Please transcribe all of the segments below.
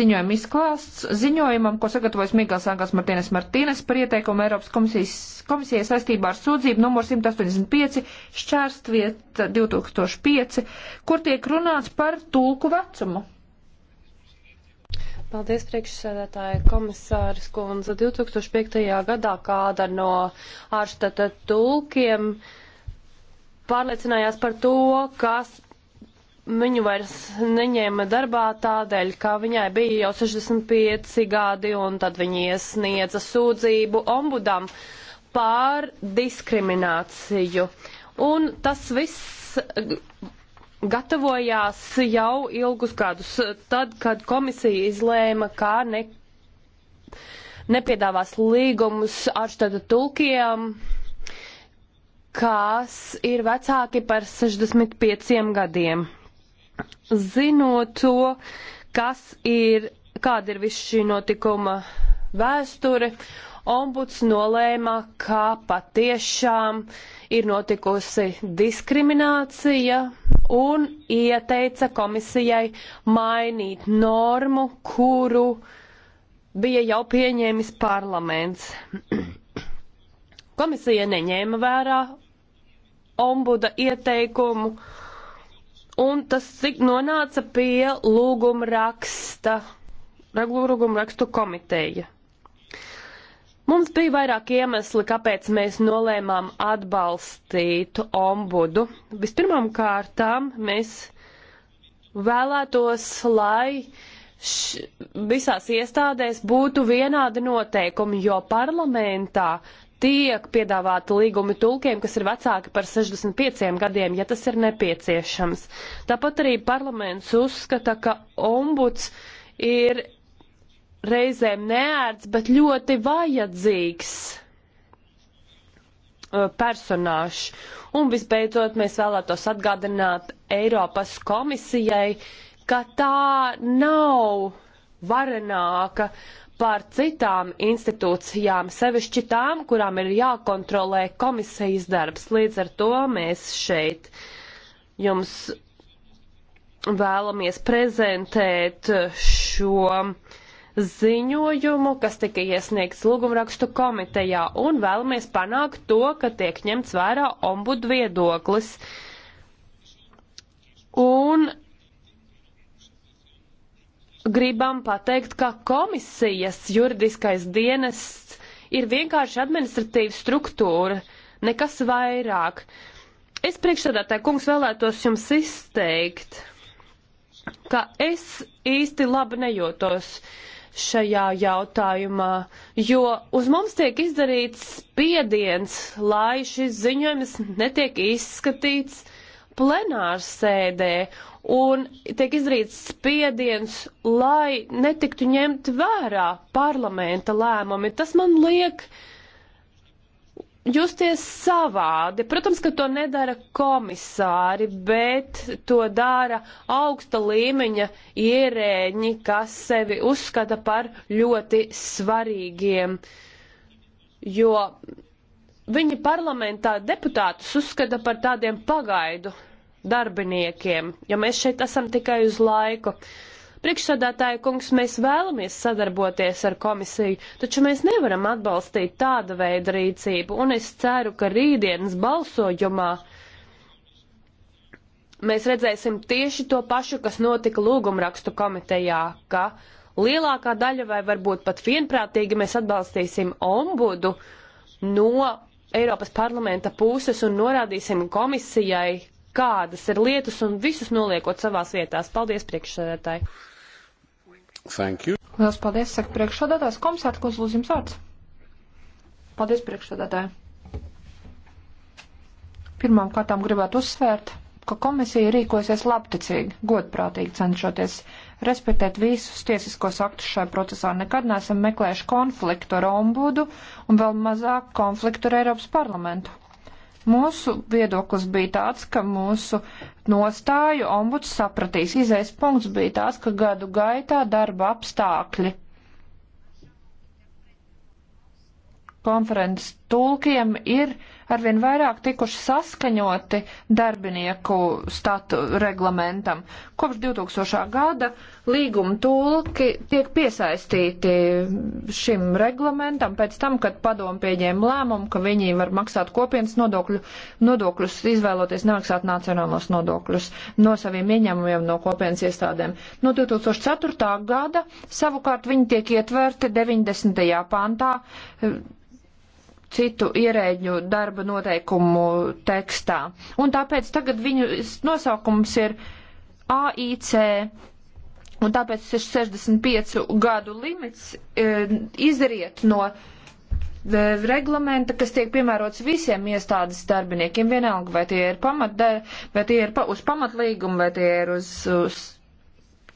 Ziņojuma izklāsts ziņojumam, ko sagatavojas Migls Angels Martīnes Martīnes par ieteikumu Eiropas komisijas, komisijai saistībā ar sūdzību numur 185 šķērstvieta 2005, kur tiek runāts par tulku vecumu. Paldies, priekšsēdētāji komisāris Kundze. 2005. gadā kāda no ārštata tulkiem pārliecinājās par to, kas viņu vairs neņēma darbā tādēļ, ka viņai bija jau 65 gadi, un tad viņa iesniedza sūdzību ombudam pār diskrimināciju. Un tas viss gatavojās jau ilgus gadus, tad, kad komisija izlēma, kā ne, nepiedāvās līgumus ārštata tulkiem, kas ir vecāki par 65 gadiem zinot to, kas ir, kāda ir viss šī notikuma vēsture, ombuds nolēma, ka patiešām ir notikusi diskriminācija un ieteica komisijai mainīt normu, kuru bija jau pieņēmis parlaments. Komisija neņēma vērā ombuda ieteikumu un tas nonāca pie lūguma raksta, lūguma rakstu komiteja. Mums bija vairāk iemesli, kāpēc mēs nolēmām atbalstīt ombudu. Vispirmām kārtām mēs vēlētos, lai š, visās iestādēs būtu vienādi noteikumi, jo parlamentā tiek piedāvāti līgumi tulkiem, kas ir vecāki par 65 gadiem, ja tas ir nepieciešams. Tāpat arī parlaments uzskata, ka ombuds ir reizēm neērts, bet ļoti vajadzīgs uh, personāžs. Un visbeidzot, mēs vēlētos atgādināt Eiropas komisijai, ka tā nav varenāka par citām institūcijām, sevišķi tām, kurām ir jākontrolē komisijas darbs. Līdz ar to mēs šeit jums vēlamies prezentēt šo ziņojumu, kas tika iesniegts lūgumrakstu komitejā, un vēlamies panākt to, ka tiek ņemts vērā ombudu viedoklis. Un gribam pateikt, ka komisijas juridiskais dienests ir vienkārši administratīva struktūra, nekas vairāk. Es priekšsēdētāji kungs vēlētos jums izteikt, ka es īsti labi nejūtos šajā jautājumā, jo uz mums tiek izdarīts spiediens, lai šis ziņojums netiek izskatīts plenārsēdē un tiek izdarīts spiediens, lai netiktu ņemt vērā parlamenta lēmumi. Tas man liek justies savādi. Protams, ka to nedara komisāri, bet to dara augsta līmeņa ierēģi, kas sevi uzskata par ļoti svarīgiem. Jo Viņi parlamentā deputātus uzskata par tādiem pagaidu darbiniekiem, jo mēs šeit esam tikai uz laiku. Priekšsādātāja kungs, mēs vēlamies sadarboties ar komisiju, taču mēs nevaram atbalstīt tāda veida rīcību, un es ceru, ka rītdienas balsojumā mēs redzēsim tieši to pašu, kas notika lūgumrakstu komitejā, ka lielākā daļa vai varbūt pat vienprātīgi mēs atbalstīsim ombudu no Eiropas parlamenta puses un norādīsim komisijai, kādas ir lietas un visus noliekot savās vietās. Paldies, priekšsēdētāji! Thank you. Lielas paldies, saka priekšsēdētājs. Komisārt, ko lūdzu jums vārds? Paldies, priekšsēdētāji. Pirmām kārtām gribētu uzsvērt, ka komisija rīkosies labticīgi, godprātīgi cenšoties respektēt visus tiesiskos aktus šajā procesā. Nekad neesam meklējuši konfliktu ar ombudu un vēl mazāk konfliktu ar Eiropas parlamentu. Mūsu viedoklis bija tāds, ka mūsu nostāju ombuds sapratīs. Izais punkts bija tāds, ka gadu gaitā darba apstākļi konferences tulkiem ir arvien vairāk tikuši saskaņoti darbinieku statu reglamentam. Kopš 2000. gada līguma tulki tiek piesaistīti šim reglamentam pēc tam, kad padomu pieņēma lēmumu, ka viņi var maksāt kopienas nodokļu, nodokļus, izvēloties nemaksāt nacionālos nodokļus no saviem ieņēmumiem no kopienas iestādēm. No 2004. gada savukārt viņi tiek ietverti 90. pantā citu ierēģu darba noteikumu tekstā. Un tāpēc tagad viņu nosaukums ir AIC. Un tāpēc 65 gadu limits e, izriet no e, reglamenta, kas tiek piemērots visiem iestādes darbiniekiem, vienalga, vai tie ir, pamat, vai tie ir pa, uz pamatlīgumu, vai tie ir uz, uz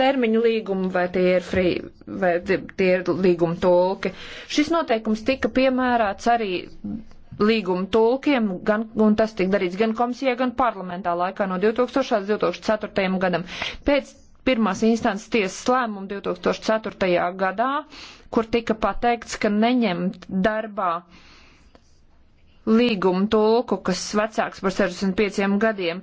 termiņu līgumu, vai tie ir, free, vai tie ir līguma tulki. Šis noteikums tika piemērāts arī līguma tulkiem, gan, un tas tika darīts gan komisijā, gan parlamentā laikā no 2000 līdz 2004 gadam. Pēc pirmās instances tiesas lēmuma 2004. gadā, kur tika pateikts, ka neņemt darbā uh, līgumu tulku, kas vecāks par 65 gadiem.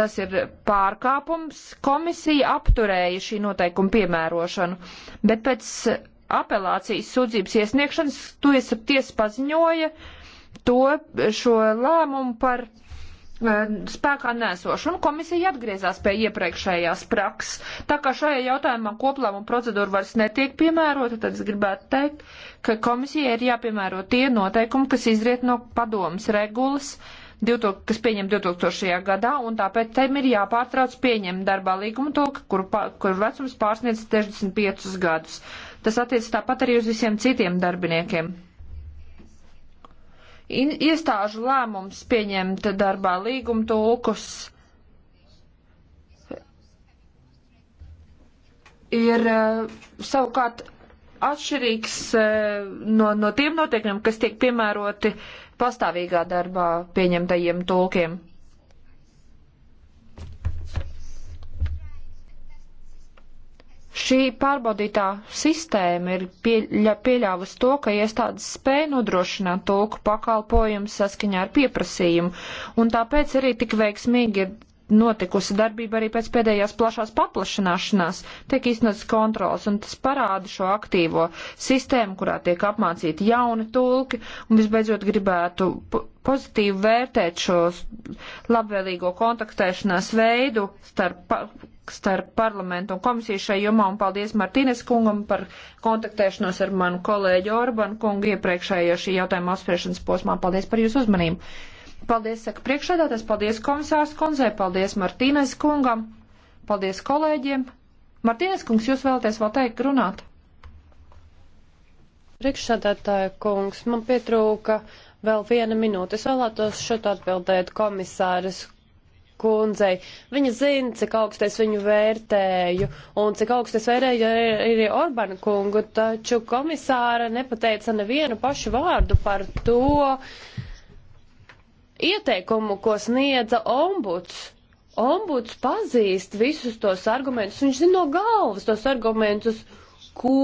Tas ir pārkāpums. Komisija apturēja šī noteikuma piemērošanu, bet pēc apelācijas sūdzības iesniegšanas tu esi tiesa paziņoja to šo lēmumu par spēkā nēsošu, un komisija atgriezās pie iepriekšējās prakses. Tā kā šajā jautājumā koplēmuma procedūra vairs netiek piemērota, tad es gribētu teikt, ka komisijai ir jāpiemēro tie noteikumi, kas izriet no padomas regulas, 2000, kas pieņem 2000. gadā, un tāpēc tam ir jāpārtrauc pieņemt darbā līgumu to, kur, kur vecums pārsniedz 65 gadus. Tas attiec tāpat arī uz visiem citiem darbiniekiem iestāžu lēmums pieņemt darbā līguma tulkus. Ir eh, savukārt atšķirīgs eh, no, no tiem noteikumiem, kas tiek piemēroti pastāvīgā darbā pieņemtajiem tulkiem. Šī pārbaudītā sistēma ir pieļa, pieļāvusi to, ka iestādes spēja nodrošināt tulku pakalpojumu saskaņā ar pieprasījumu, un tāpēc arī tik veiksmīgi ir notikusi darbība arī pēc pēdējās plašās paplašanāšanās, tiek iznots kontrols, un tas parāda šo aktīvo sistēmu, kurā tiek apmācīti jauni tulki, un visbeidzot gribētu pozitīvi vērtēt šo labvēlīgo kontaktēšanās veidu starp starp parlamentu un komisiju šai jomā, un paldies Martīnes kungam par kontaktēšanos ar manu kolēģi Orbanu kungu iepriekšējā šī jautājuma apspriešanas posmā. Paldies par jūsu uzmanību. Paldies, saka priekšēdātais, paldies komisārs kundzei, paldies Martīnes kungam, paldies kolēģiem. Martīnes kungs, jūs vēlaties vēl teikt runāt? Priekšsēdētāja kungs, man pietrūka vēl viena minūte. Es vēlētos šot atbildēt komisāras kundzei. Viņa zina, cik augstu es viņu vērtēju un cik augstu es vērēju arī Orbanu kungu, taču komisāra nepateica nevienu pašu vārdu par to ieteikumu, ko sniedza ombuds. Ombuds pazīst visus tos argumentus, viņš zina no galvas tos argumentus, ko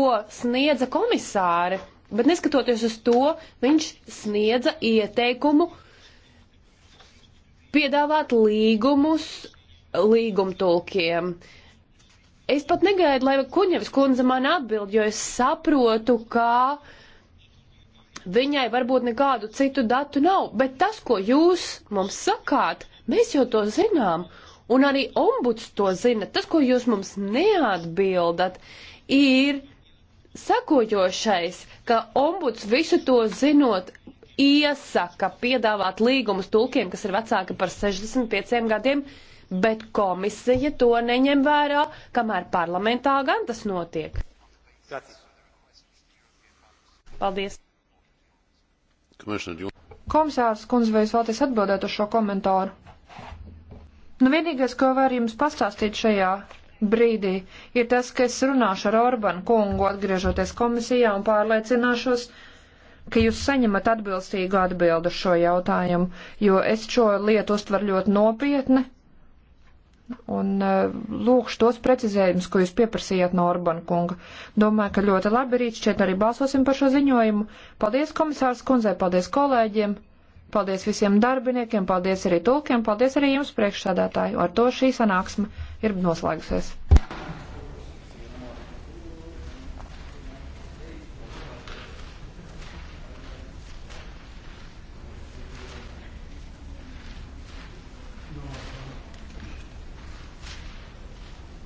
sniedza komisāri. Bet neskatoties uz to, viņš sniedza ieteikumu, uh, piedāvāt līgumus līgumtulkiem. Es pat negaidu, lai Kuņevs kundze man atbild, jo es saprotu, ka viņai varbūt nekādu citu datu nav, bet tas, ko jūs mums sakāt, mēs jau to zinām, un arī ombuds to zina. Tas, ko jūs mums neatbildat, ir sakojošais, ka ombuds visu to zinot iesaka piedāvāt līgumus tulkiem, kas ir vecāki par 65 gadiem, bet komisija to neņem vērā, kamēr parlamentā gan tas notiek. Paldies. Komisārs kundze, vai jūs vēlaties atbildēt uz šo komentāru? Nu, vienīgais, ko var jums pastāstīt šajā brīdī, ir tas, ka es runāšu ar Orbanu kungu, atgriežoties komisijā un pārliecināšos, uh, ka jūs saņemat atbilstīgu atbildu šo jautājumu, jo es šo lietu uztveru ļoti nopietni. Un eh, lūkšu tos precizējumus, ko jūs pieprasījāt no Orbana kunga. Domāju, ka ļoti labi rīt šķiet arī balsosim par šo ziņojumu. Paldies komisārs kundzei, paldies kolēģiem, paldies visiem darbiniekiem, paldies arī tulkiem, paldies arī jums priekšsādātāju. Ar to šī sanāksme ir noslēgusies.